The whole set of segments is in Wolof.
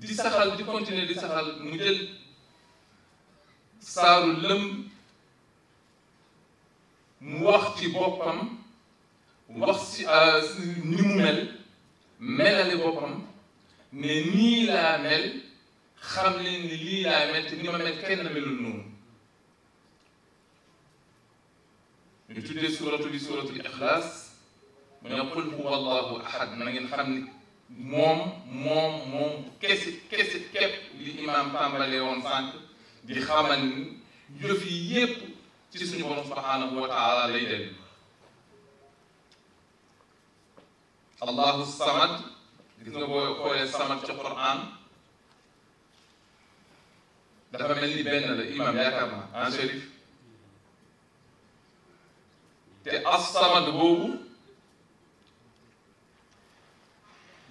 di saxal di continuer di saxal mu jël saaru lëm mu wax ci boppam wax ci euh, ni mu mel melale boppam ne nii laa mel xam ni lii laa mel ni ma mel kenn melul noonu ñu tuddee suratu bi suratul ixlaas mu ne qul huwa allahu ahad na ngeen xam ni moom moom moom kesi kesi képp li imaam tàmbalee woon sànq di xamal ni jëf yi yépp ci suñu borom subhanahu wa taala lay dellu allahu samad gis nga boo xoolee samad ci quran dafa mel ni benn la imam yaakaar naa en chérif te as samad boobu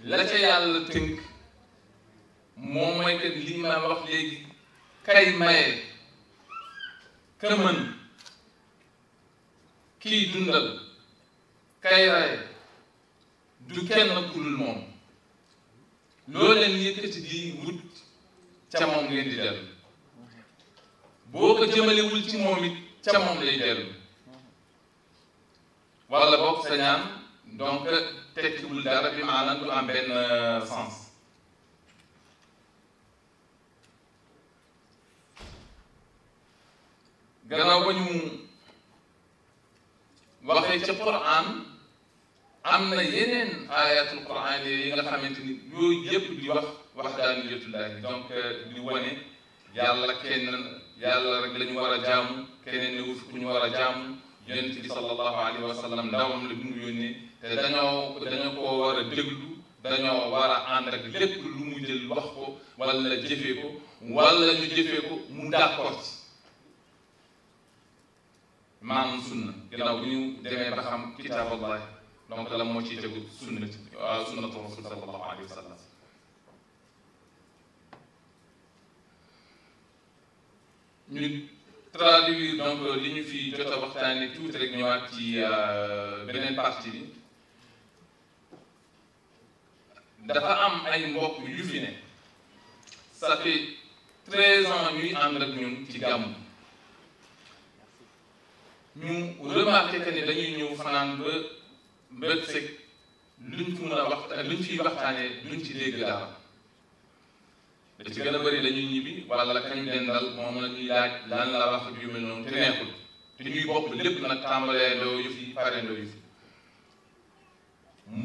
la ca yàlla tënk moom mooy que li imaam wax léegi kay maye ka mën kiy dundal kay ray du kenn ku moom loo leen yëkkati di wut ca moom ngeen di dellu boo ko jëmalewul ci moom it ca moom lay dellu walla bokk sa ñaan donc tekkiwul dara bi maanaam du am sens gannaaw ba ñu am na yeneen ayatul Qur'an yi nga xamante ni yooyu yëpp di wax wax daaniyatullahi donc euh, di wane yàlla kenn yàlla rek la a jaamu keneen ne wut ku a jaamu yonent bi sallallahu alayhi wa sallam la bi mu yónnee te dañoo dañoo koo war a déglu dañoo war a ànd ak lépp lu mu jël wax ko wala jëfee ko wala ñu jëfee ko mu d'accord sunna ginnaaw bu ñu demee ba xam kitaaballahi donc la moo ciy tegu sunna ci waaw sunnatu rasul sallallahu alayhi wa traduire donc li ñu fi jot a waxtaanee tuuti rek ñëwaat ci euh, beneen partie bi dafa am ay mbokk yu fi ne sa fait treize ans ñuy ànd ñun ci gàmmu ñu remarqué que ne dañuy ñëw fanaan ba mbët sëg luñ fi mën a wax luñ fiy waxtaanee duñ ci dégg daal. da ci gën a bëri dañuy ñibbi wala kañ den dal moom la ñuy laaj lan la wax yu mel noonu te neexul te ñuy bokk lépp nag tàmbalee ndoo yu fi pare ndoo yu fi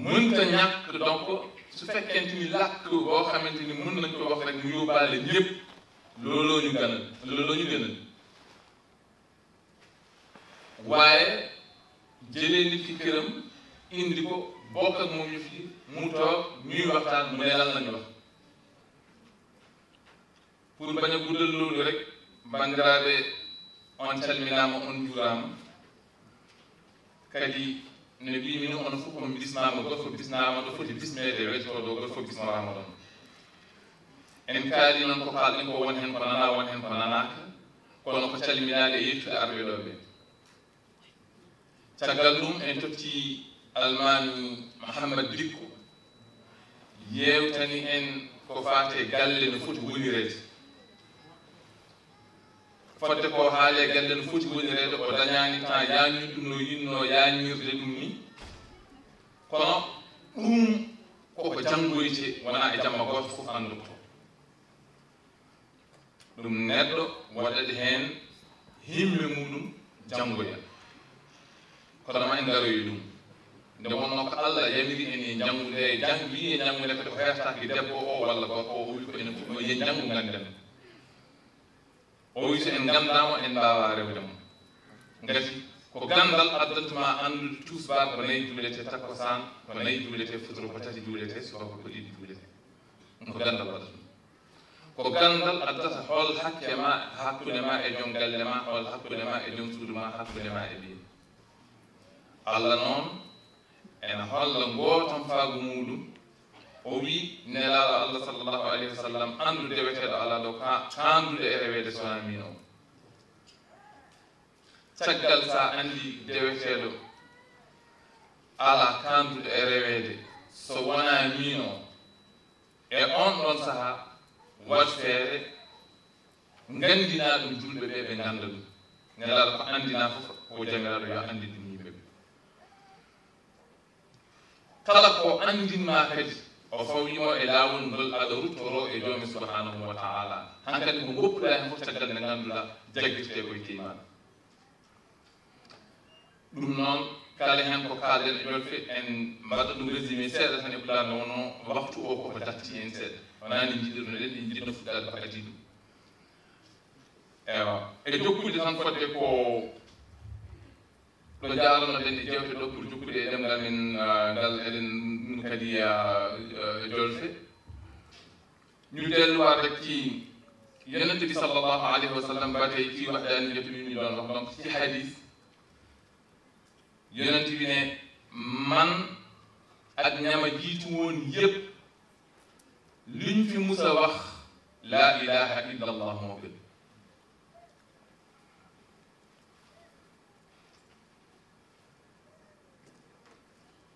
mënta ñàkk donc su fekkente ni xamante ni mën nañ wax rek mu yóbbaale ñëpp looloo ñu gënal looloo ñu gënal waaye jëlee nit ki këram indi ko bokk moom ñu fi mu toog ñuy waxtaan mu ne lan lañu wax pour bañ a loolu rek bandiraɓe on calminama on jurama kadi no mbimino on fof on bisnama goto bisnama ɗo foti bismede wetto ɗo goto fof bisnorama ɗon en kaali noon ko kalɗen ko ko won hen ko nanaka kono ko calminade e yettude arɓe ɗo ɓe caggal ɗum en totti almami dikko yewtani en ko fate galle no foti wonirede fodde ko haale galle no foti wonirede ko dañani temps yañir ɗum no yinno yañirde ɗum ni kono ɗum koko janngoyte wona e jamma goto fof anndu ko ɗum neɗɗo waɗat heen himɓe muɗum janngoya kono ma en ngaroyi ɗum nde wonno ko allah yamiri en e janngude e jang wi e janngude kadi ko heftaki debbo o walla gorko o wi ko ene fuɗɗo yen janngu ngannden o en ganndama en mbawa rewde mum gati ko ganndal addantuma anndude cuusbar ko nayi juulete takko san ko nayi juulete futoro ko tati juulete subaka ko ɗiɗi juulete ko ganndal waɗa ɗum ko ganndal addata hol hakke ma hakkunde ma e joom galle ma hol hakkunde ma e joom suudu ma hakkunde ma e ɓiye allah noon ene holla gooton faago muɗum o wi nelaɗo allah sallllahu alayhi wa sallam anndude e rewede sona min o caggal sa andi deweteɗo ala kandude e rewede so wona e on ɗon saaha wat feere ɗum julɓe ɓe ɓe ɗum nelaɗo ko andina fof ko jamiraɗo yo andi ɗum yimɓe ɓe o fawjimo e laawol ngol aɗa ruttoro e joomi subahanahu wa taala han e kadi ko goppuɗa hen fof caggal nde ngannduɗa jaggirte koye timan ɗum noon kala hen ko kalden e ƴolfe en mbaɗa ɗum résumé seeɗa tan e ɓulaande wono waktu o koko datti en seeɗa ah, wonani jiɗirno ɗen en jiɗno fuɗɗade pakati ɗum ewa e jokkude tan fodde ko ɗo jaarano ɗen e jewte ɗo pour jokkude e ɗemgal men ngal eɗen kadi euh, jolse ñu delluwaat rek ci yonent bi sallallahu alayhi wa sallam ba tey ci waxdaani jot bi ñu doon wax donc ci hadis ne man ak ñama jiitu woon yépp fi mus wax laa ilaha illa allah moo gën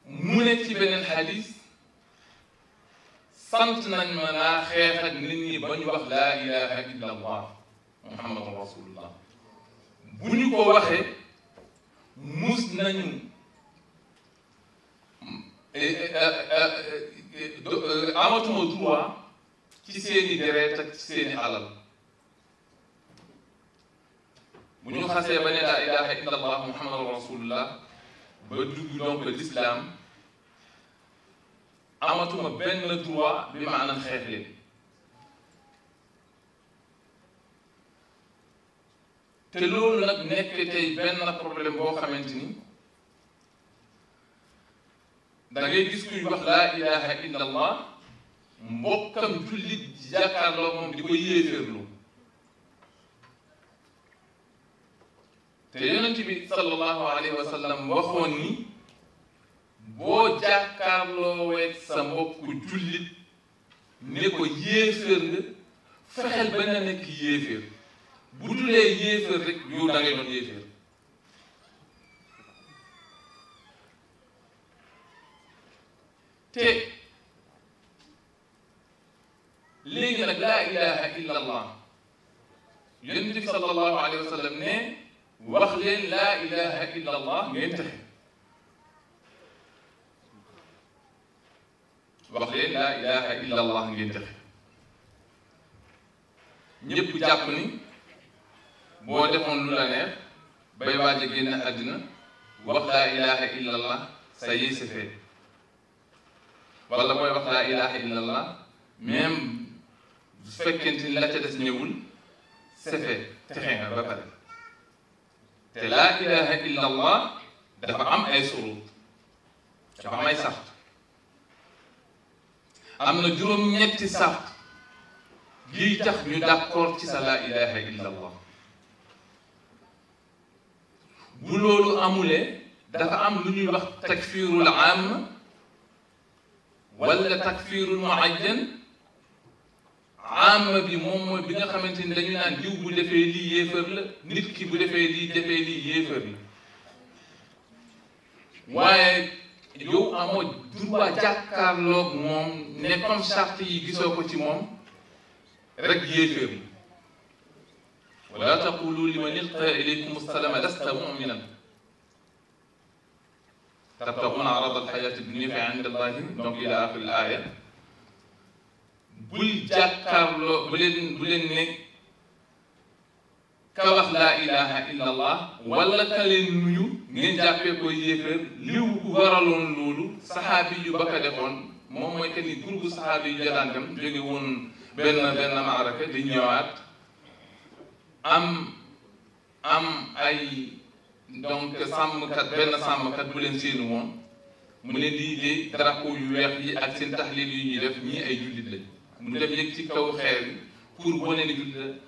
mu ne ci beneen xadis sant nañ ma naa xeex ak nit ñi ba ñu wax laa ilaha illa allah muhammadun rasulullah bu ñu ko waxee mus nañu eh, eh, eh, amatuma droit ci seeni deret ak seeni alal bu ñu xasee ba ne laa ilaha illa allah muhammadun rasulullah ba dugg donc l'islam amatuma benn droit bi ma anam xeex leen te loolu nag nekk tey benn problème boo xamante ni da ngay gis kuy wax laa ilaha illa mbokkam jullit jàkkaarloo moom di ko yéeféerlu te yonent bi sallallahu alayhi wa waxoon ni boo jàkkaarlooweeg sa mbokku jullit ne ko yéeféer nga fexeel ba nga nekk yéeféer bu dulee yéeféer rek yow da ngay yéeféer te léegi nag laa ilaha illa allah yonent bi sallallahu alayhi wa sallam ne wax leen laa ilaha illa allah ngeen texe wax leen laa ilaha illa allah ngeen def ñëpp jàpp ni boo defoon lu la neex bay waaj a génn wax laa ilaha illa allah ça y est booy wax laa ilaha illa allah même ni la ca des ñëwul c'est fait texe ba pare te laa ilaha illa dafa am ay surut dafa am ay sax am na juróom-ñetti sàrt yiy tax ñu d'accord ci sa la ilaha illa allah bu loolu amulee dafa am lu ñuy wax takfirul am wala takfirul muayyan am bi moom mooy bi nga xamante ni dañu naan jiw bu defee lii yéefar la nit ki bu defee lii defee lii yéefar waaye yow amoo droit jàkkaarloog moom ne comme charte yi gisoo ko ci moom rek yéeféer yi wala taqulu liman ilqa ilaykum assalama lasta muminan tabtaxuna arada alxayaati dunia fi inda allahi donc ila axiri al aaya bul jàkkaarloo bu leen bu leen ne ka wax laa ilaha illa allah wala ka leen nuyu ngeen jàppee ko yéeféer liw ku waraloon loolu saxaabi yu ba ko defoon moom mooy que ni groupe saxaabi yu jataangam jóge woon benn benn maaraka di ñëwaat am am ay donc sàmmkat benn sàmmkat bu leen séenu woon mu ne lii de drapeau yu weex yi ak seen taxlil yu ñuy def ñii ay jullit lañ mu dem yëg ci kaw xeer bi pour wane ni jullit la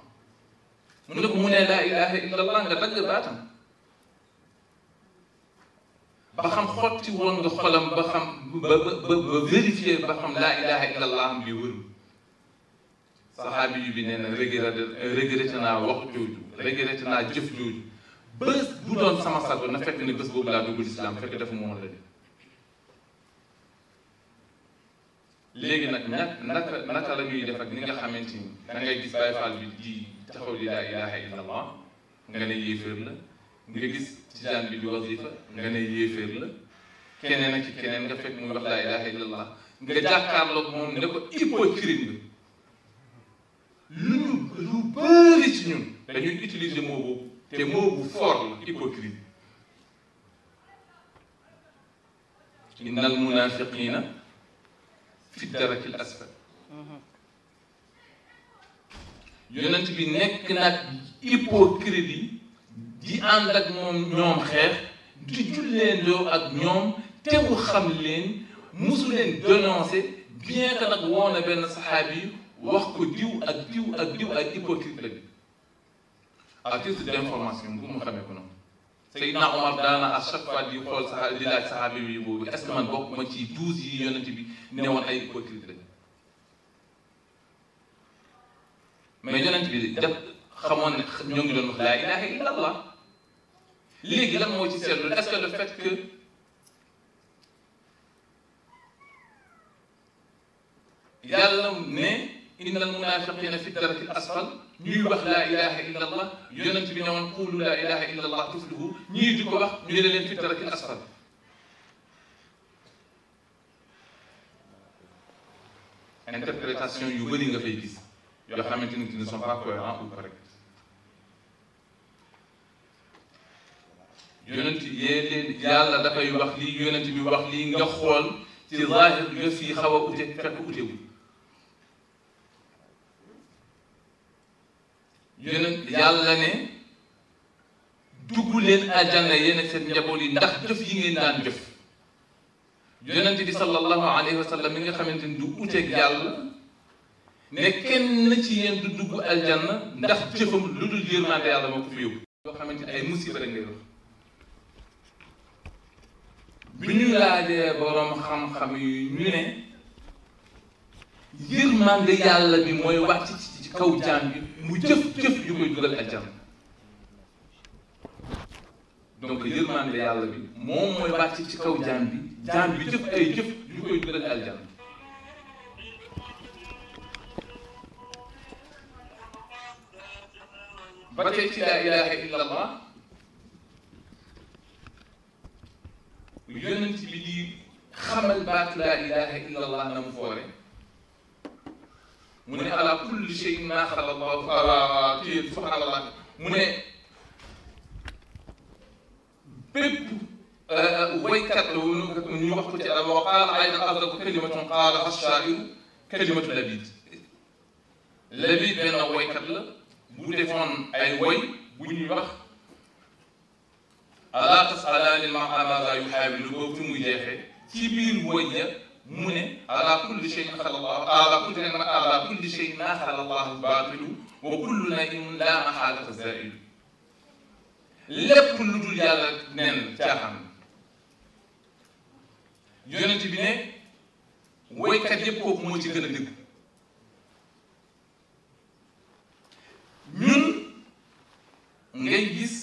mu ne ko mu ne laa ilaha illallah nga dagg baatam ba xam xotti woon nga xolam ba xam ba ba ba vérifier ba xam laa ilaha illallah am bi wëru saxaabi yu bi nee na regretté regretté naa wax jëf jooju bés bu doon sama sago na fekk ne bés boobu laa dugg lislaam fekk dafa moom la def léegi nag ña naka naka la ni nga xamante ni da gis Baay Faal bi di taxaw di laa ilaha illa allah nga ne yéeféer la nga gis tijaan bi di wasifa nga ne yéeféer keneen ak ci keneen nga fekk muy wax laa ilaha illa allah nga jàkkaarloog moom ne ko hypocrite bi lu ñu lu bëri ci ñun dañuy utiliser mot boobu te mot bu fort hypocrite inna al munafiqina fi daraki al yonent bi nekk nag hypocrite di ànd ak moom ñoom xeex di julleendoo ak ñoom te mu xam leen musu leen dénoncé bien que nag woo na benn saxaabi yi wax ko diw ak diw ak diw ak hypocrite la bi à titre d'information bu mu xamee ko noonu Seydina Omar daana à chaque fois di xool saxaabi di laaj saxaabi bi boobu est-ce que man bokk ci douze yi yonent bi ne woon ay hypocrite la mais yonent bi def xamoon ne ñoo ngi doon léegi lan moo ci seetlu est-ce que le fait que yàlla ne inna al munafiqina fi daraki l asfal ñuy wax laa ilaha illa allah yonent bi ne woon quulu laa ilaha illa allah tuflihu ñii di ko wax ñu asfal yu bëri yoo xamante ni ne sont pas cohérents yee leen yàlla dafay wax lii yonent bi wax lii nga xool ci zaahir yëf yi xaw a ute fekk utewul yonent yàlla ne dugg leen àjjana yéen ak seen njaboot yi ndax jëf yi ngeen daan jëf yonent bi sallallahu alayhi wa sallam mi nga xamante ni du uteeg yàlla ne kenn ci yéen du dugg aljanna ndax jëfam lu dul yërmande yàlla moo ko fi yóbbu. yoo xamante ne ay musiba rek ngay wax bi ñu laajee boroom xam-xam yi ñu ne yërmande yàlla bi mooy wàcc ci kaw jaam bi mu jëf-jëf yu koy dugal aljanna donc yërmande yàlla bi moom mooy wàcc ci kaw jaam bi jaam bi jëf ay jëf yu koy dugal aljanna ba tey ci laa ilaha illa allah lu yonent bi di xamal baatu laa ilaha illa allah na mu foore mu ne ala kulli shay'in maa xala allahu kii subhanallah mu ne bépp euh, waykat la woon ñu wax ko ci arab wa qaala aydan asdaqu kalimatun qaala ashaa'iru kalimatu labid labid benn waykat la mu defoon ay woy bu ñuy wax ala tasalani maamaza yu xaabilu boobu ci muy jeexee ci biir woy ja mu ne ala kulli cheyin xala allah ala kulli ala kulli cheyin maa xala allahu baatilu wa kullu zailu lépp lu dul yàlla neen caaxaan yonent bi ne woykat yëpp kooku ñun ngay gis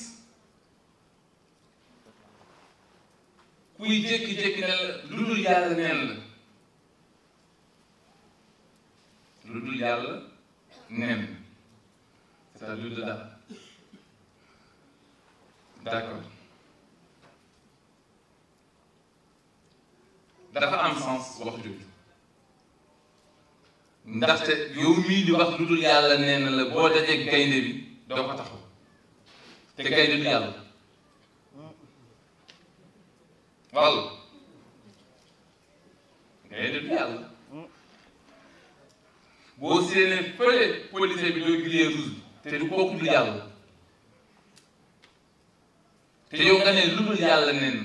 kuy jékki-jékki ne la lu dul yàlla neen lu dul yàlla neen lu dul daal d'accord dafa am sens wax jooju ndaxte yow mii di wax lu dul yàlla nee na la boo dajee gaynde bi doo ko taxaw te gaynde du yàlla walla gaynde du yàlla boo séenee fële policier bi doo grillé rouge bi te du kooku du yàlla te yow nga ne lu dul yàlla nee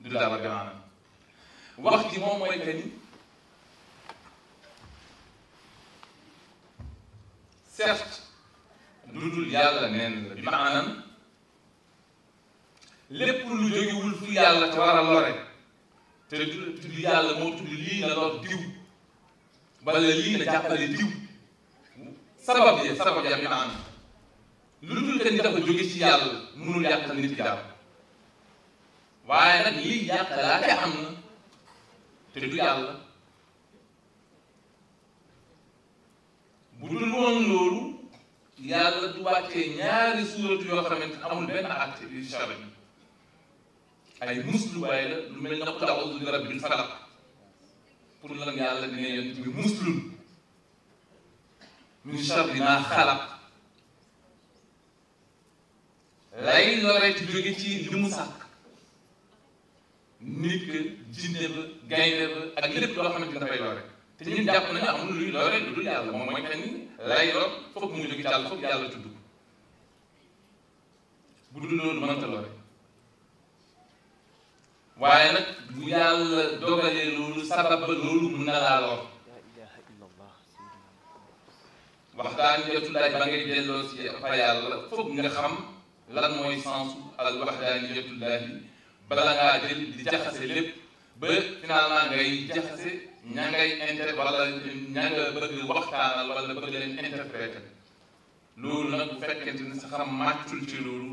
du dara gamaanam wax ji moom mooy que certes lu dul yàlla neen la bi maanaam lépp lu jógewul fi yàlla te war a lore te tudd yàlla moo tudd lii na lor diw bala lii na jàppale diw sabab ya sabab ya bi maanaam lu dul te ni dafa jóge ci yàlla mënul yàqal nit ki waaye nag lii yàq laa am na te du yàlla bu dul woon loolu yàlla du wàccee ñaari suuratu yoo xamante amul benn acte bi charia ay musluwaay la lu mel na qul a'uudu bi rabbil falaq pour lan yàlla dina yonent bi muslul min sharri maa xalaq lay loree ci jóge ci li mu nit ki jinne ba gaynde ba ak lépp loo xamante ni lore te ñun jàpp nañu amul luy loolee lu dul moom mooy que ni lay lor foog mu jóge ci yàlla foog yàlla bu dul loolu mënta lore waaye nag bu yàlla dogalee loolu sabab ba loolu mën na laa waxtaan jotulaay ba ngay delloo si fa yàlla foog nga xam la mooy sensu al waxdaani jotulaay balaa ngaa jël di jaxase lépp. ba finalement ngay jaxase ña ngay inter wala ña nga bëgg waxtaanal wala bëgg leen loolu nag bu fekkente ni sa xam màccul ci loolu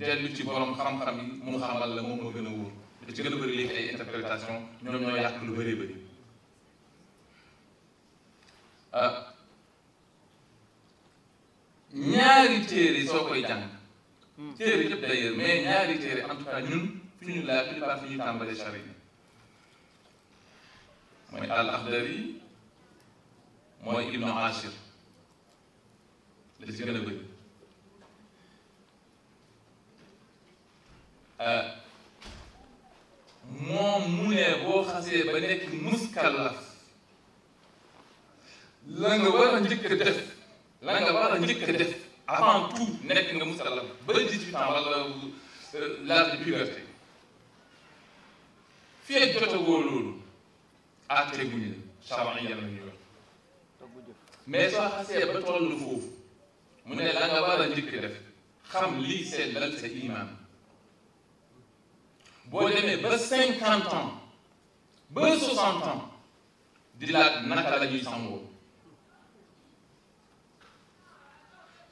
dellu ci borom xam-xam yi mu xamal la moom moo gën a wóor da ci gën a bëri léegi ay interprétation ñoo yàq lu bëri bëri ah ñaari téere soo koy jàng hmm. téere yëpp d'ailleurs mais ñaari téere en tout cas ñun fi ñu laa plupart fi ñuy tàmbalee charia mooy al axdari mooy ibnu ashir la ci gën a bëri euh, moom mu ne boo xasee ba nekk muskallaf la nga war a njëkk def la nga war a njëkk def avant tout nekk nga muskallaf ba 18 ans wala euh, l'âge de puberté fii jotagoo loolu àtte guñ la saban yàlla ñu wax mais soo xasee ba toll foofu mu ne la nga war a njëkk def xam lii sellal sa iman boo demee ba cinquante ans ba soixante ans di laaj naka la ñuy sangoo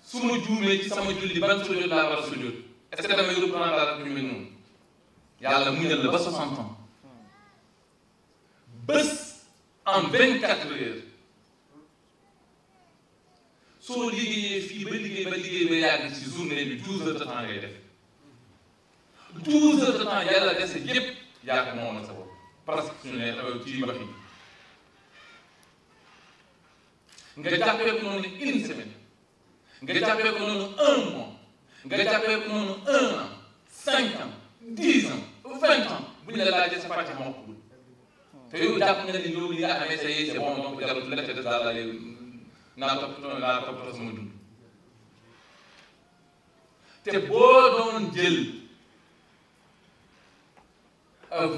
su sama julli ban sujjóot laa war a sujjóot ce que damay reprendre ak ñu mel noonu ba soixante ans en vingt quatre heures soo liggéeyee fii ba liggéey ba liggéey ba yàgg ci journée bi douze heures de temps ngay def douze heures de temps yàlla dese yépp yàgg moo na sa parce que suñu ne ci wax yi nga jàppee ko nga jàppee noonu un mois nga jàppee noonu un an cinq ans dix ans vingt ans bu ñu la laajee sa pàcc moo ko te yow jàpp nga ni loolu yi naa toppatoo naa toppatoo sama dund te boo doon jël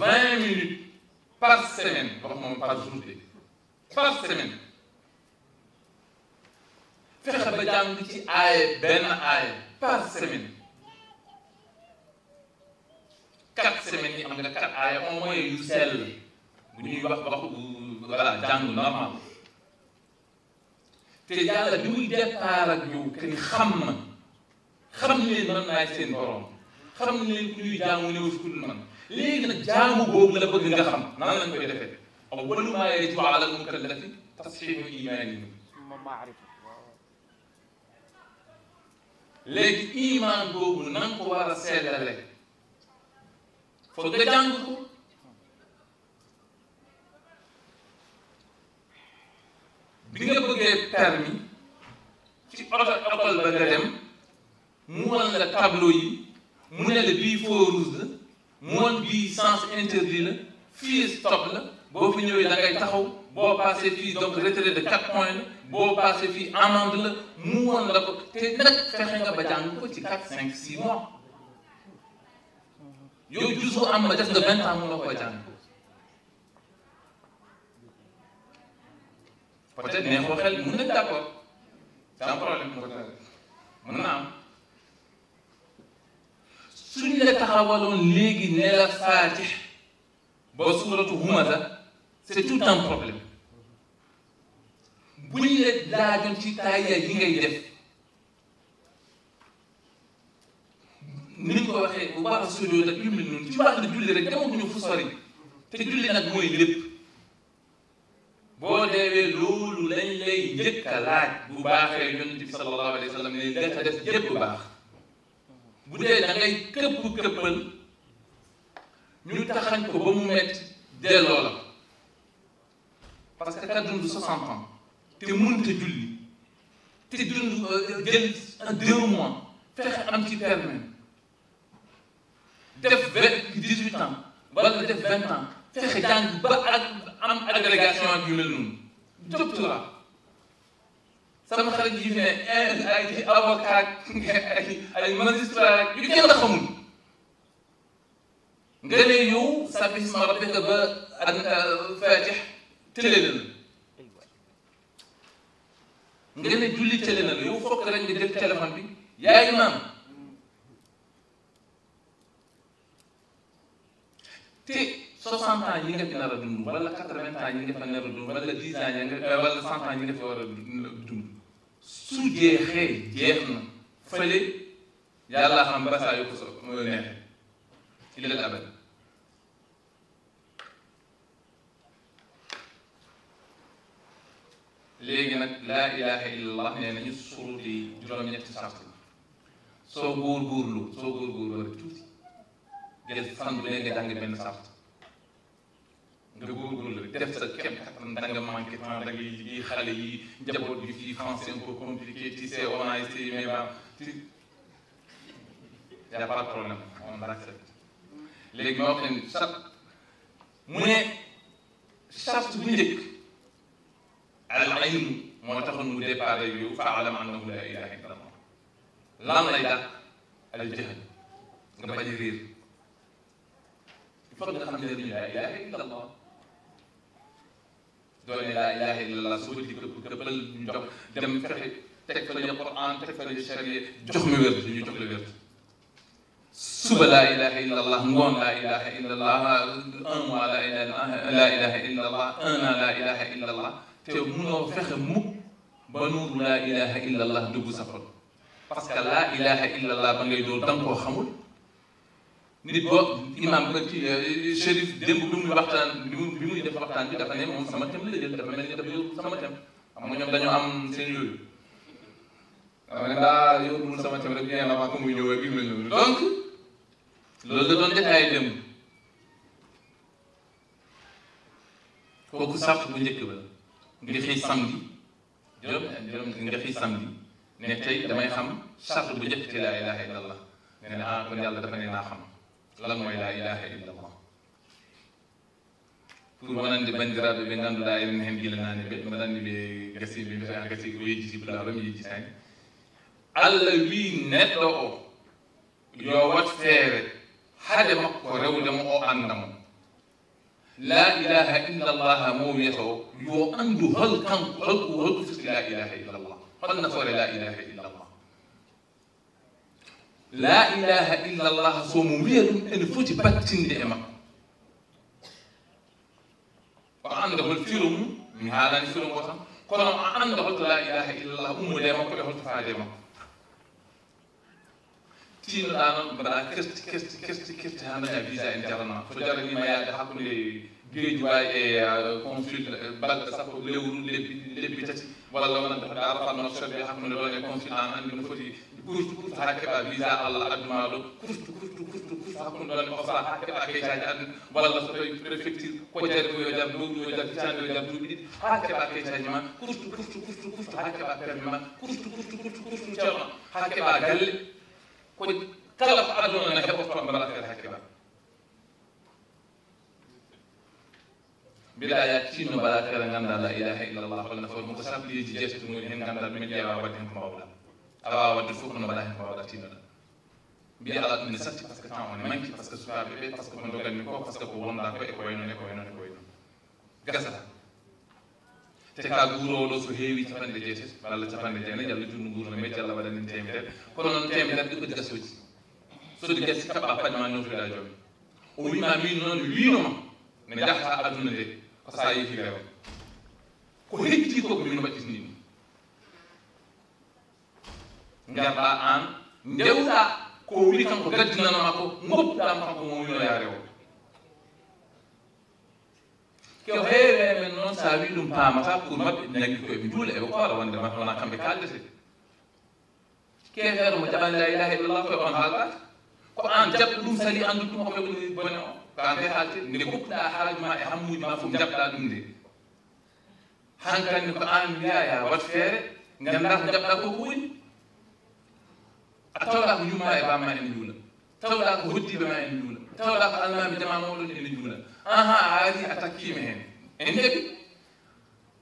vingt minutes par semaine wax moom par jour de par semaine fexe ba jàng ci aaye benn aaye par semaine quatre semaines yi am nga quatre aaye au moins bu ñuy wax waxu voilà jàng normal te yàlla bi muy départ ak ñëw que xam na xam leen man maay seen borom xam leen ku jaamu néew ku dul man léegi nag jaamu boobu la bëgg nga xam nan lañ koy defee awwalu maa yajibu ala al-mukallafi tasxiixu imaanihi léegi imaan boobu nan ko war a seetale foog nga jàng bi nga bëggee permis ci projet école ba nga dem mu wan la tableau yi mu ne la bii feu rouge la mu wan bii sens interdit la fii stop la boo fi ñëwee da ngay taxaw boo passé fii donc retrait de quatre points la boo passé fii amende la mu wan la ko te nag fexe nga ba jàng ko ci quatre cinq six mois yow jusu am ma def nga vingt ans mënoo ko jàng peut-être neexoo xel mën nañ d'accord sans problème mën na am suñ la taxawaloon léegi ne la faatix ba suuratu humata c'est tout un problème bu ñu la laajoon ci taaya yi ngay ni ñu ko waxee bu baax a soriwul ak yu mel noonu ci baax la julli rek demaguñu fu sori te julli nag mooy lépp. boo deewee loolu lañ lay njëkk a laaj bu baaxee yonent bi sallallahu alayhi wa sallam ne la ca def yépp baax bu dee da ngay këpp këppal ñu taxañ ko ba mu metti delloo la parce que ka dund 60 ans te mënta julli te dund euh, jël deux mois fexe am ci permis def vingt dix-huit ans def vingt ans fexe jàng ba ak am agrégation ak yu mel sama xarit yi fi ay avocat ay ay magistrat yu kenn xamul nga ne yow sa bisma rabbika ba ak euh, fatih tële na la nga ne fokk rek nga jël téléphone bi yaay imaam soixante ans yi nga fi nar a dund wala quatre vingt ans fi euh, war a su jeexee jeex na fële yàlla xam ba saa yu ko so neexee ilal abad léegi nag laa ilaha illallah nee nañu surut yi juróom-ñetti sart soo góor góorlu soo góor góorlu rek tuuti jël fan bu ne benn sart nga góorgóorlu rek def sa kem kattan da nga manqué temps da ngay liggéey xale yi njaboot bi fii français un peu compliqué tu sais on a essayé mais ba tu y a pas de problème on accepte léegi ma wax leen sat mu ne sat bu njëkk al ilm moo taxoon mu départ yu faalam annahu la ilaha illa allah lan lay dàq al jahl nga bañ a réer il faut nga xam ne la ilaha illa allah doone laa ilaaha illallah suba di këpp këppal ñu jox dem fexe teg fa ñu Quran teg fa ñu charia jox ma wér ñu jox la wér suba laa ilaaha illallah ngoon laa ilaaha illallah un mois laa ilaaha illallah un an laa ilaaha illallah te munoo fexe mukk ba nuuru laa ilaaha illallah dugg sa xol parce que laa ilaaha illallah ba ngay doon da nga koo xamul. nit boo imaam ba euh, ci shérif démb bi muy waxtaan bi muy def waxtaan bi dafa ne moom sama thème la jël dafa mel ni dafa yor ñoom dañoo am seen ne daa sama thème rek bien avant que muy ñëw ak yu mel bu njëkk ba nga xëy samedi juróom juróom nga xëy samedi ne tey damay xam sàpp bu njëkk ci laa ilaha illallah ne ne ah, yàlla dafa ne naa xam lan mooy la ilaha illallah pour wonande bandiraɓe ɓe ngannduɗaa emin heen gila naane ɓe mbaɗa gasi ɓe mbiyata gasi o yejjitibulaɗo mi yejjitani allah wii neɗɗo yo wat feere hade makko rewde mo o annda mo la ilaha illallah mo wiyata o yo anndu hol kanko holko holko foti la la ilaha illallah la ilaha illa allah somo wiya ɗum ene foti battinde e makko o annda hol firo mum mi haalani firo ngo tan kono o annda holto la ilaha illallah ummude e makko e holto faade e makko tiinoɗa noon mbaɗa kerti kerti kerti kerti ha daña visa en jarana so jaranima yaade hakkude e geeji wawi e uh, conflit e balɗe sappo lewru lebbi lebbi tati walla wonande hoɗe arafat noon sodde hakkude ɗon e conflit an andi no foti kurustu kurustu hakkeba visa allah adduma o saa la ilaha illallah holno fo ɗum ko sabliji jeeso hen ganda ɗumen ƴeewa wadde hen ko mawɗa awa wadde fof kono mbaɗa hen ko wawɗa tinnoɗa mbiya ala ɗum ne satti par ce que temps one manqui par ce que sukaɓe ɓe par ce que ko doganmi ko par ce que ko wonɗa ko eko way noon eko way noon eko way noon gasata te ka guurowo ɗo so heewi capanɗe jeetati walla capanɗe jeenayi allah junno guurno meji allah waɗanin temedere kono noon temedere ɗi ɓodi gasoji sodi gasi kaɓa paɗe ma notoɗa joomi o wima min noon winoma ne jahata aduna nde ko sa yeehi rewa ko hekkiti ko ko min waɗitini ngarɗa an ndewɗa ko woni kanko gaddinanoma ko goppuɗam kanko mo winoyare o ko heewe men noon so a wi ɗum paamata pour maɓɓe naggi koyeɓe duula eɓe koora wonde maɓɓe wona kamɓe kaaldete kefeere mo jaɓani la ilaha illallah koye on haaldat ko an jaɓɗo ɗum sali anndu ɗum hoɓe woni bone o kamɓe haalte nde goppuɗa haaju ma e hammuji ma fof jaɓɗa ɗum nde hankanne ko an wiya ya wat feere gannda ko jaɓɗa koko woni tawɗa ko yumma e bamma ene juula tawɗa ko hoddiɓe ma ene juula tawɗa ko almami dema mawɗon ene juula an ha a ari a takkima hen en heeɓi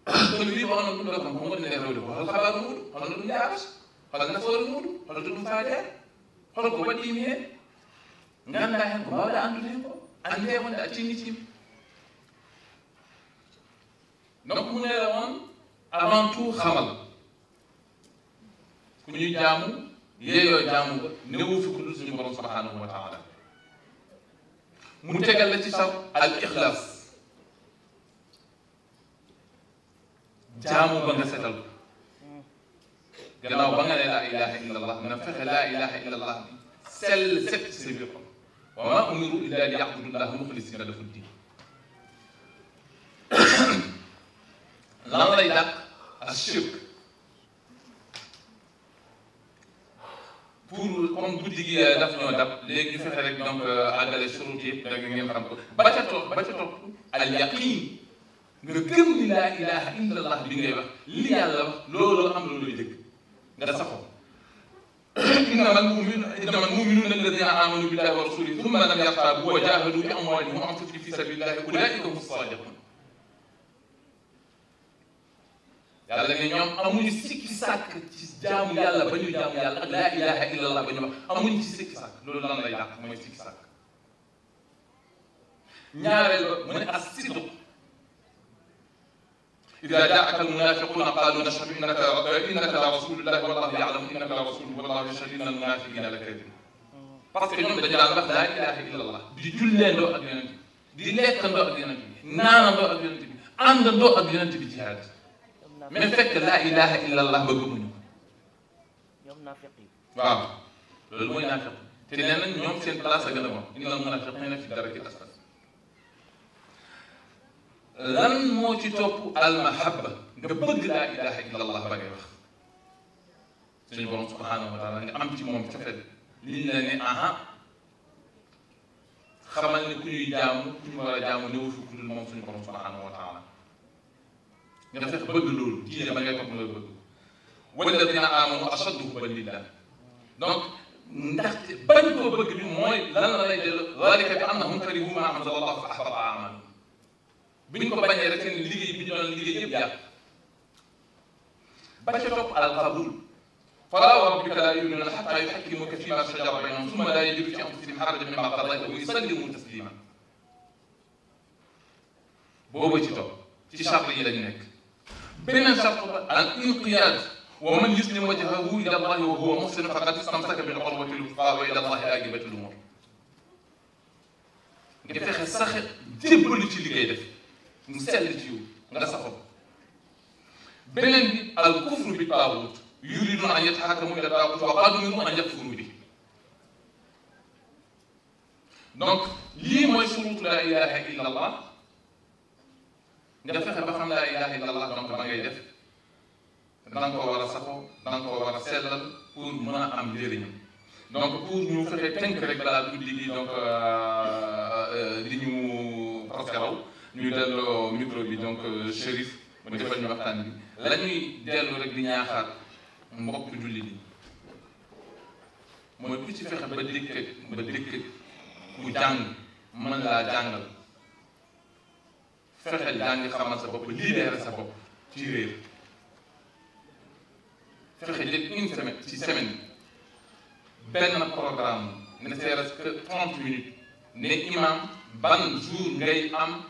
kono wiima onon ɗum ɗo kam ko gonɗe e rewde ko hol habaru muɗum holno ɗum yarata hol nafoore muɗum holto ɗum faajare holko waɗimi hen ganda hen ko mbawɗa andude hen ko ande wonde a tinnitima donc hunere on avant tout xamal ku ñuy jaamu yéeyoo jaamu ba néewu fi ku dul suñu borom subhanahu wa taala mu tegal la ci sax al ixlaas jaamu ba nga setal ko gannaaw ba nga ne laa ilaha illa allah na fexe laa ilaha illa allah bi sell set ci sa biir xol wa ma umiru illa li yacbudullah muxlisina lahu ddin lan lay dàq ashirk pour comme guddi gi euh, daf ñoo dab léegi ñu fexe rek donc euh, àggale surut yëpp da ngeen xam ko ba ca topp ba ca topp al yaqin nga gëm ni laa ilaha illallah bi ngay wax li yàlla wax looloo am loolu dëgg nga saxoo innamal mu'minu innamal mu'minuna alladhina amanu billahi wa rasulihi thumma lam yartabu wa jahadu bi amwalihim wa anfusihim fi sabilillahi ulaika hum sadiqun yàlla ne ñoom amuñu sikki sàkk ci jaamu yàlla ba ñuy jaamu yàlla ak laa ilaha illallah ba ñu wax amuñu ci sikki sàkk loolu lan lay dàq mooy sikki sàkk ñaareel ba mu ne as-sidq إذا جاءك المنافقون قالوا نشهد إنك إنك لرسول الله والله يعلم إنك لرسوله والله يشهد إن المنافقين لكاذبون parce que ñoom dañu daan wax laa ilaha illallah di julleendoo ak yonent bi di lekkandoo ak yonent bi naanandoo ak yonent bi àndandoo ak yonent bi jihaad mais fekk laa ilaha illa allah ba gëmuñu ñoom naafiq yi waaw loolu mooy naafiq te nee nañ ñoom seen place a gën a moom innal munaafiqiina fi darki asfal lan moo ci topp almahabba nga bëgg laa ilaha illa allah ba ngay wax suñu borom subhanahu wa taala nga am ci moom cofet liñ la ne aha xamal ne ku ñuy jaamu ku ñu war a jaamu néew fi ku dul moom suñu borom subhanahu wa taala nga fex bëgg loolu diine ba ngay topp nga bëgg wala dina amanu ashaddu hubban lillah donc ndaxte bañ koo bëgg bi mooy lan la lay dellu dalika bi annahum karihu ma anzala allah fa ahbata amalu bi ñu ko bañee rek seen liggéey bi ñu doon liggéey yëpp yàq ba ca topp al qabul fala wa rabbika la yu'minuna hatta yuhakkimuka fima shajara baynahum thumma la yajidu fi anfusihim harajan mimma qadayta wa yusallimu taslima boobu ci topp ci charte yi lañ nekk beneen charte ba al inqiyaad wa man yuslima wajhahu ila allahi wa huwa muhsin faqad istamsaka bil urwatil wuthqa wa ila allahi aaqibatul umuur nga fexe sax jébbalu ci liggéey def mu sell ci yow nga saxoo beneen bi al kufru bi taawut yuriduna an yataxakamu ila taawut wa qad umiru an yakfuru bi donc lii mooy surutu laa ilaha illa allah nga fexe ba xam laa ilaaha illallah donc ba ngay def da koo war a saxoo da nga koo war a sellal pour mën a am njëriñam donc pour ñu fexe tënk rek balaa guddi gi donc euh, euh, di ñu presque raw ñu delloo micro bi donc euh, Chérif mu defal ñu waxtaan bi la ñuy dellu rek di ñaaxaat mbokk julli nii mooy ku ci fexe ba dikk ba dikk ku jàng mën laa jàngal. fexeel jàngi xamal sa bopp libéré sa bopp ci réer fexe léegi une semaine ci semaine benn programme ne serait-ce que trente minutes ne imam ban jour ngay am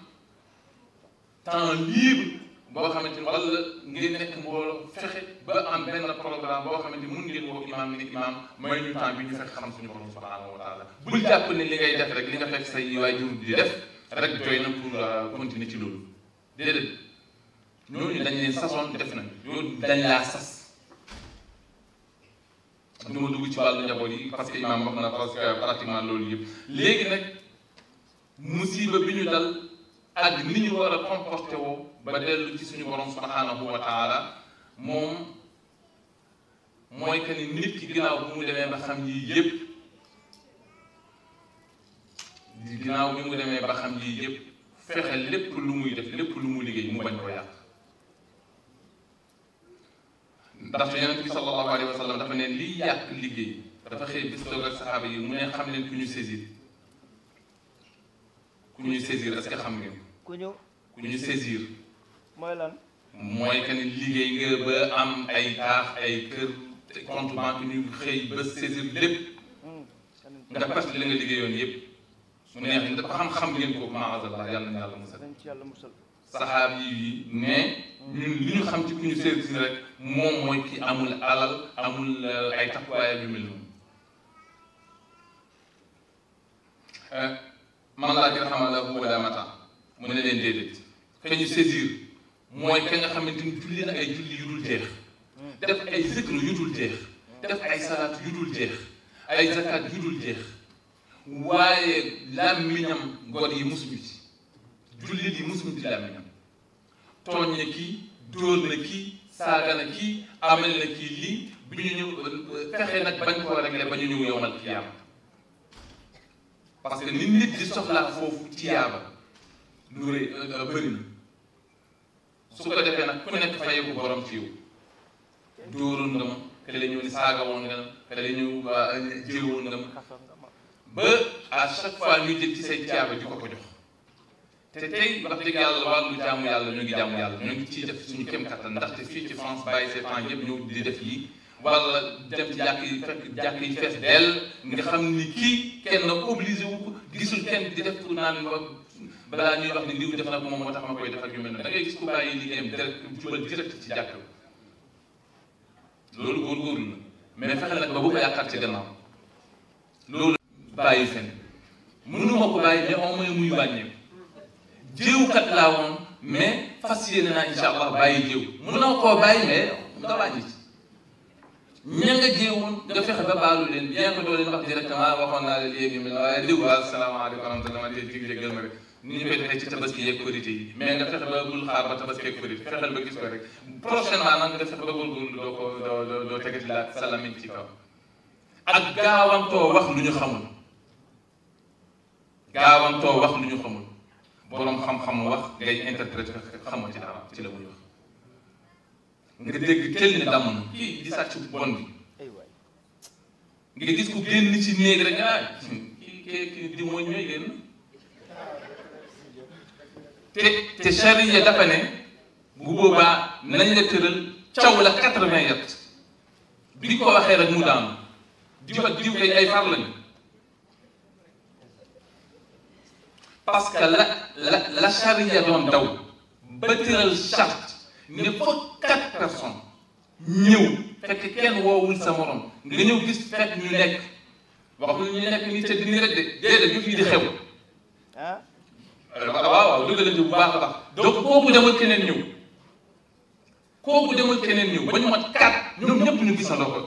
temps libre boo xamante ni wala ngeen nekk mbooloo fexe ba am benn programme boo xamante ni mun ngeen woo imaam ne imaam may ñu temps bi ñu fexe xam suñu borom subhanahu wa taala bul jàpp ne li ngay def rek li nga fekk say waajur di def rek doy na pour euh, continuer ci loolu déedéet ñooñu dañ leen sasoon def na ñooñu dañ laa sas du ma dugg ci wàllu njaboot yi parce que imaam wax na parce que pratiquement loolu yëpp léegi nag musiba bi ñu dal ak ni ñu war a comporté woo ba dellu ci suñu borom subhanahu wa taala moom mooy que nit ki ginnaaw bu mu demee ba xam yi yëpp ginnaaw bi mu demee ba xam lii yëpp fexe lépp lu muy def lépp lu mu liggéey mu bañ ko yàq ndax yonent bi sallallahu wa sallam dafa neen liy yàq liggéey dafa xëy bis toog ak saxaaba yi mu ne xam leen ku ñu saisir ku ñu saisir est-ce que xam ngeen ku ñu ku ñu saisir mooy lan mooy que liggéey nga ba am ay taax ay kër compte banque ñu xëy ba saisir lépp hmm. nga perte li nga liggéeyoon yëpp mu neex ñi dafa xam-xam ngeen ko maazallah yàlla na yàlla musal saxaab yi ne ñun li ñu xam ci ku ñu seet si rek moom mooy ki amul alal amul euh, ay taxawaay yu mel noonu euh, man laa gën a xamal la bu wala mata mu ne leen déedéet ka ñu saisir mooy ka nga xamante ni julli na ay julli yu dul jeex hmm. def ay zikr yu dul jeex def ay salaat yu dul jeex ay zakat yu dul jeex waaye làmmiñam gone yi musuñu ci jullit yi musuñu ci làmmiñam tooñ na kii dóor na kii saaga na kii amal na kii lii bu ñu ñëw fexe nag bañ koo réglé ba ñu ñëw yowmal kiyaama parce que ni nit di soxlaa foofu tiyaaba lu rëy euh, bëri na su ko defee nag ku nekk fay ko borom fiiw dóoroon nga ma kële ñëw ni saaga woon nga ma kële ñëw jéewoon nga ma ba à chaque fois ñu jël ci say tiyaaba di ko ko jox te tey wax dëgg yàlla wàllu jaamu yàlla ñu ngi jaamu yàlla ñu ngi ciy def suñu kem kattan ndaxte fii ci France bàyyi ses temps yëpp ñëw di def yi wala dem ci jàkk yi fekk jàkk yi nga xam ni kii kenn obligé wu ko di def pour naan ba balaa ñuy wax ni liw def na ko moom moo tax ma koy def da ngay gis ku bàyyi liggéeyam direct jubal direct ci jàkk loolu góorgóorlu la mais fexe nag ba bu ko yàqaat ci gannaaw loolu bàyyi fen mënuma ko bàyyi mais au moins muy wàññeeku jéewkat laa woon mais fas yéene naa incha allah bàyyi jéew mën na koo bàyyi mais nga wàññi ci ña nga jéewoon nga fexe ba baalu leen bien que doo naa leen léegi mi la waaye dégg waaw salaamaaleykum wa rahmatulah yi mais nga fexe ba bul xaar ba tabaski yeeg korité fexeel ba gis ko rek prochainement nag nga fexe ba góorgóorlu doo ko doo doo tegati la salamin ci kaw ak gaawantoo wax lu ñu xamul gaawantoo wax lu ñu xamul boroom xam-xam wax ngay interpréter xamoo ci dara ci la muy wax nga dégg tel ne damm na kii di sàcc bon bi nga gis ku génn ci néeg rek ah, di mooy ñooy génn te te charia dafa ne bu boobaa nañ la tëral caw la quatre-vingt yet bi ko waxee rek mu daanu diw ak diw kay ay far lañu parce que la la la charia doon daw ba tëral charte ne foog quatre personnes ñëw fekk kenn woowul sa morom nga ñëw gis fekk ñu nekk waxuñu ñu nekk nii te dini rek de déedéet ñu fii di xew ah. waaw waaw dëgg la bu baax a baax donc kooku demal keneen ñëw kooku demal keneen ñëw ba ñu mat quatre ñoom ñëpp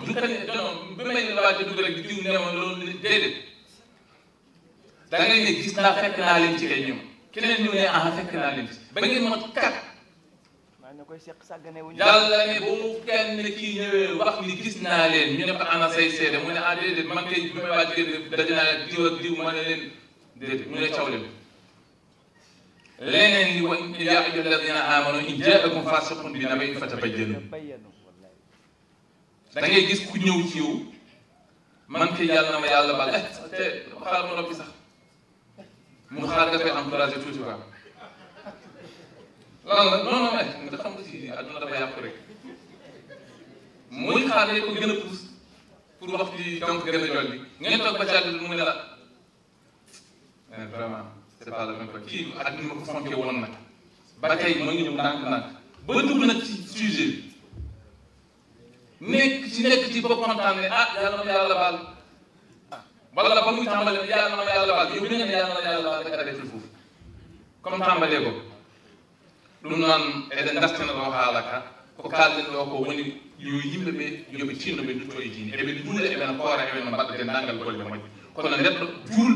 du ka doon ba may la waaj a dugg rek di diw ne ma loolu déedéet da gis naa fekk naa leen ci kay ñoom keneen ñu naa leen ci ba ngeen mot kat ko ana say seede mu ne ah bi may ku ñëw ci yow man kay yàlla ma yàlla bal eh, te xaar ma sax mu xaar nga koy encouragé tuuti waaw lan la non non mais nga xam a si àdduna dafa yàqu rek muy xaaree ko gën a pousse pour wax ci donc gën a jolli ngeen toog ba caa mu ne la vraiment c' est pas la même chose kii ak ma ko fonkee woon nag ba tey ma ngi ñëw ndànk-ndànk ba dugg nag ci sujet bi nekk ci nekk ci boppam ne ah yàlla na yàlla wala ba muy tàmbalee yàlla na ma yàlla baal yow mi nga ne yàlla na yàlla baal rek arrêté foofu ko ɗum noon eɗen eh, dartina ɗo haala ka ko kalɗen ɗo ko woni yo yimɓe ɓe yoɓe tinno ɓe dutto e diine eɓe duula eɓena koora eɓena mbaɗa denndangal golle moƴƴe kono juul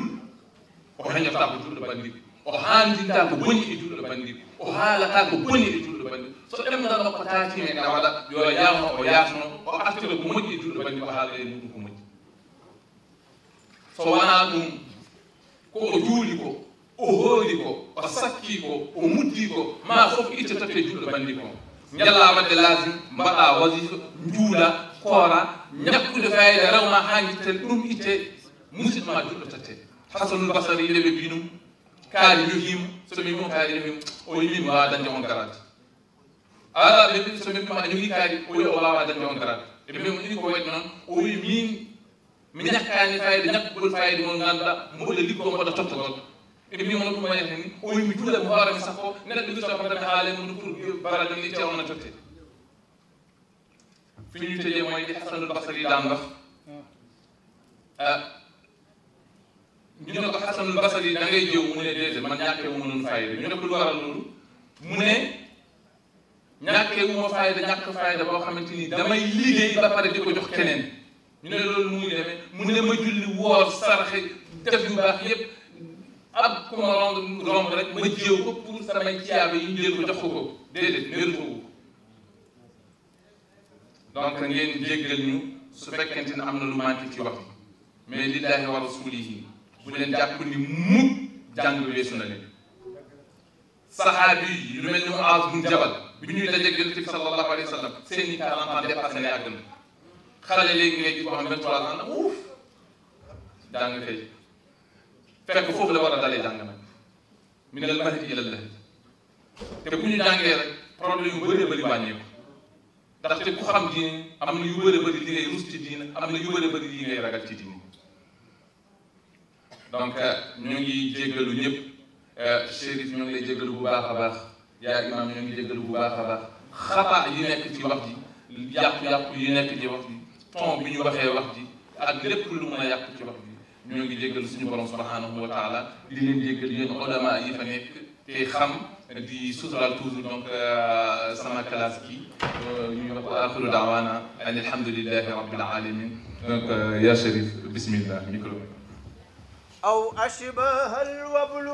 o heñotaa ko julɗo banndi o haandintaa ko boni e julɗo banndi o haalataa ko boni e julɗo banndi so ɗemnano ko taatimen a waɗa yo yawno o yaafno o artira ko moƴƴi e julɗo banndi o haala e muɗum ko so wonaa ɗum ko o juuli ko o hoori ko o sakki ko o muddi ko ma fof ittatato e julɗo banndi ko njalla wadde laasi mbaɗa wasifa njuula koora ñakkude fayde rewma haa gitten ɗum itte musidma julɗo tatte hasanul basari yiɗeɓe mbinum kaari jogiima somi mum kaari ɗemi o yimimo wawa dañde on garade ala ɓe mbi somi mum a jogii kaari o wi o wawa dañde on garade ɓe mbi mo ɗiɗi ko waɗi noon o wi min mi fayde ñakkugol fayde mon ganduɗa mboɗo liggol mboɗo tottogol e mbi mon ɗum wayata ni o yimi juula mi hoorami sappo neɗɗo ɗigirta kontami haala mum pour barade ni cewna totte fiñu tëjee mooy di xasanul basari daan wax ah, ñu ne ko xasanul basari da ngay jiw mu ne déedéet man ñàkkee wu noonu fayda ñu ne ko lu waral loolu mu ne ñàkkee wu fayda ñàkk fayda boo xamante ni damay liggéey ba pare di ko jox keneen ñu ne loolu mu ne ma julli woor sarxe def yu baax yépp ab ku ma romb romb rek ma jéew ko pour samay caabi yi jël ko jox ko ko déedéet mérite ko donc ngeen jéggal ñu su fekkente ne am na lu manqué ci wax mais lillahi wa rasulihi bu leen jàpp ni mu jàng weesu na leen saxaabi yi lu mel ni mu aas bun jabal bi ñuy dajeeg yonent bi sallallahu alayhi wa sallam seen i quarante ans dépassé na àgg na xale léegi ngay gis ko xam ne 23 ans na wuuf jàng fekk foofu la war a dalee jàng nag mi ne la ma xëcc ilal la te bu ñu jàngee rek problème yu bëree bëri wàññeeku ndaxte ku xam diine am na yu bëri bëri li ngay rus ci am na yu bëri bëri li ngay ragal ci diine donc euh, ñu ngi jéggalu ñëpp euh, chérif ñu ngi lay bu baax a baax yaa imaam ñu ngi jéggalu bu baax a baax xataa yi nekk ci wax ji yàqu-yàqu yi nekk ci wax ji ton bi ñu waxee wax ji ak lépp lu mën a yàq ci wax ji ñoo ngi jéggal suñu borom subhanahu wa taala di leen jéggal yéen ulama yi fa nekk te xam di sutural toujours donc euh, sama classe bi euh, ñu wax axiru daawaana an alhamdulilahi rabbil alamin donc euh, ya Cherif bismillah micro أو أشبه الوبل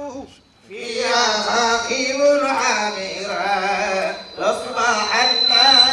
فيها عاقب عامرا لصبح الناس